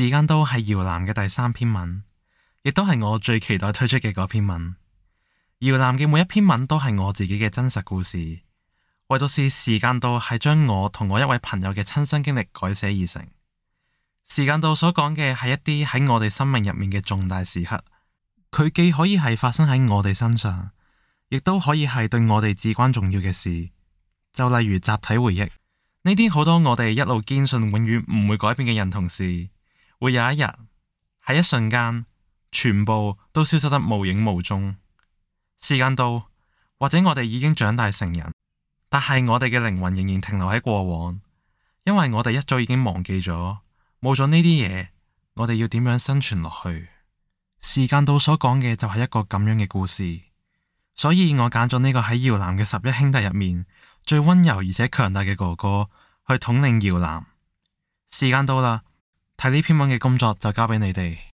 時間到係搖藍嘅第三篇文，亦都係我最期待推出嘅嗰篇文。搖藍嘅每一篇文都係我自己嘅真實故事。唯獨係時間到係將我同我一位朋友嘅親身經歷改寫而成。時間到所講嘅係一啲喺我哋生命入面嘅重大時刻，佢既可以係發生喺我哋身上，亦都可以係對我哋至關重要嘅事，就例如集體回憶，呢啲好多我哋一路堅信永遠唔會改變嘅人同事。會有一日喺一瞬間，全部都消失得無影無蹤。時間到，或者我哋已經長大成人，但係我哋嘅靈魂仍然停留喺過往，因為我哋一早已經忘記咗，冇咗呢啲嘢，我哋要點樣生存落去。時間到所講嘅就係一個咁樣嘅故事，所以我揀咗呢個喺搖籃嘅十一兄弟入面最溫柔而且強大嘅哥哥去統領搖籃。時間到啦。睇呢篇文嘅工作就交俾你哋。